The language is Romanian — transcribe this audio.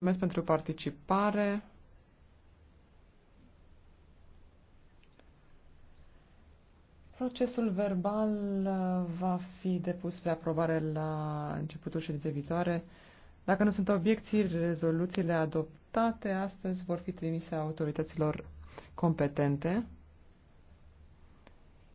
Mulțumesc pentru participare. Procesul verbal uh, va fi depus spre aprobare la începutul ședinței viitoare. Dacă nu sunt obiecții, rezoluțiile adoptate astăzi vor fi trimise autorităților competente.